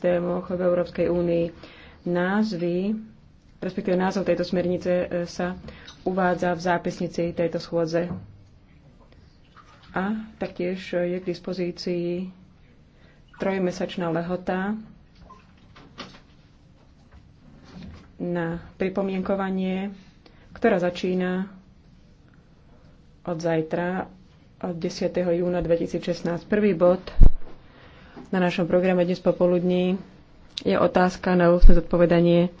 systémoch v Európskej únii. Názvy, respektíve názov tejto smernice e, sa uvádza v zápisnici tejto schôdze. A taktiež je k dispozícii trojmesačná lehota na pripomienkovanie, ktorá začína od zajtra, od 10. júna 2016. Prvý bod na našom programe dnes popoludní je otázka na ústne zodpovedanie